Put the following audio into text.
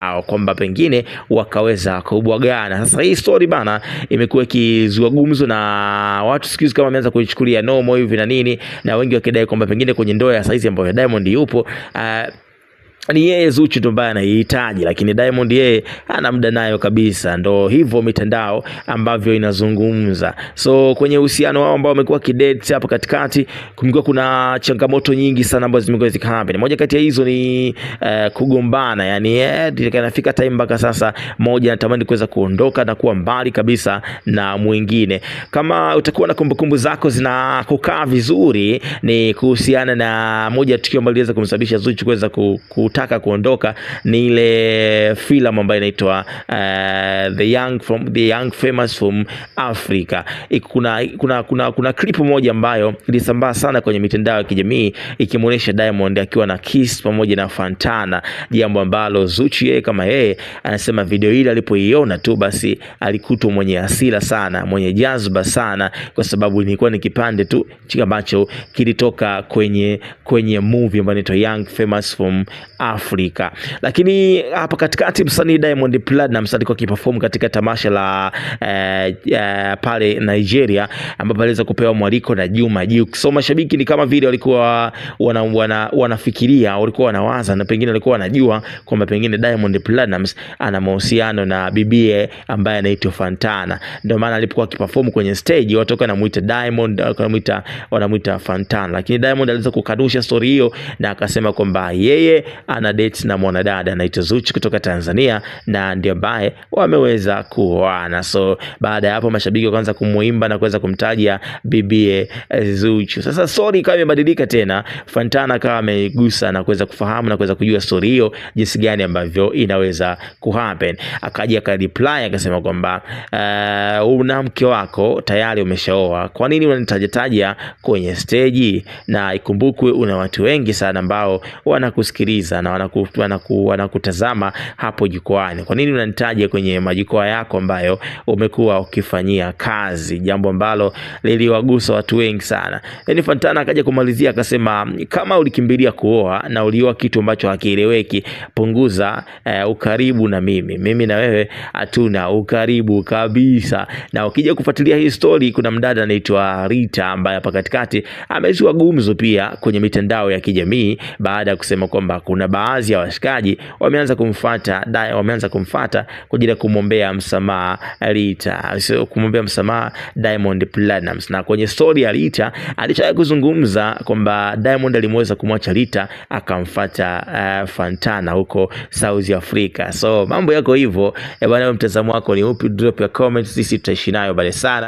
au kwamba pengine wakaweza kubwagana. Sasa hii story bana imekuwa ikizua gumzo na watu sikizi kama wameanza kuichukulia nomo hivi na nini, na wengi wakidai kwamba pengine kwenye ndoa ya saizi ambayo Diamond yupo uh, ni yeye Zuchu tu ambaye anaihitaji, lakini Diamond yeye ana muda nayo kabisa. Ndo hivyo mitandao ambavyo inazungumza. So kwenye uhusiano wao ambao wamekuwa kidate hapo katikati, kumekuwa kuna changamoto nyingi sana ambazo zimekuwa zikahappen. Moja kati ya hizo ni uh, kugombana, yani yeah, inafika time mpaka sasa moja anatamani kuweza kuondoka na kuwa mbali kabisa na mwingine. Kama utakuwa na kumbukumbu zako zinakukaa vizuri, ni kuhusiana na moja tukio ambalo liweza kumsababisha Zuchu kuweza kukuta kutaka kuondoka ni ile filamu ambayo inaitwa uh, the young from, the young famous from Africa. Kuna, kuna, kuna, kuna clip moja ambayo ilisambaa sana kwenye mitandao ya kijamii ikimwonyesha Diamond akiwa na Kiss pamoja na Fantana, jambo ambalo Zuchu yeye kama yeye anasema video ile alipoiona tu basi alikutwa mwenye hasira sana, mwenye jazba sana, kwa sababu ilikuwa ni kipande tu ambacho kilitoka kwenye, kwenye movie ambayo inaitwa Young Famous from Africa. Afrika. Lakini hapa katikati msanii Diamond Platnumz alikuwa akiperform katika tamasha la eh, eh, pale Nigeria ambapo aliweza kupewa mwaliko na Juma Jux. So mashabiki ni kama vile walikuwa wana, wana, wanafikiria walikuwa wanawaza na pengine walikuwa wanajua kwamba pengine Diamond Platnumz ana mahusiano na bibie ambaye anaitwa Fantana. Ndio maana alipokuwa akiperform kwenye stage watu wakawa wanamuita Diamond, wanamuita wanamuita Fantana. Lakini Diamond aliweza kukanusha story hiyo na akasema kwamba yeye ana date na mwanadada anaitwa Zuchu kutoka Tanzania, na ndio ambaye wameweza kuoana. So baada ya hapo, mashabiki wakaanza kumuimba na kuweza kumtaja bibie eh, Zuchu. Sasa story ikawa imebadilika tena, Fantana akawa amegusa na kuweza kufahamu na kuweza kujua story hiyo jinsi gani ambavyo inaweza kuhappen. Akaja reply akasema kwamba uh, una mke wako tayari umeshaoa, kwa nini unanitajataja kwenye steji? Na ikumbukwe una watu wengi sana ambao wanakusikiliza na wanaku, wanakutazama hapo jukwani Kwa nini unanitaja kwenye majukwaa yako ambayo umekuwa ukifanyia kazi, jambo ambalo liliwagusa watu wengi sana. Yani Fantana akaja kumalizia akasema, kama ulikimbilia kuoa na ulioa kitu ambacho hakieleweki, punguza eh, ukaribu na mimi. Mimi na wewe hatuna ukaribu kabisa. Na ukija kufuatilia hii story, kuna mdada anaitwa Rita ambaye hapa katikati amezua gumzo pia kwenye mitandao ya kijamii baada ya kusema kwamba kuna baadhi ya washikaji wameanza kumfuata dai wameanza kumfuata kwa ajili ya kumwombea msamaha Rita, kumwombea msamaha Diamond Platnumz. Na kwenye story ya Rita alishawahi kuzungumza kwamba Diamond alimweza kumwacha Rita akamfuata uh, Fantana huko South Africa. So mambo yako hivyo eh, bwana, mtazamo wako ni upi? Drop ya comments, sisi tutaishi nayo bale sana.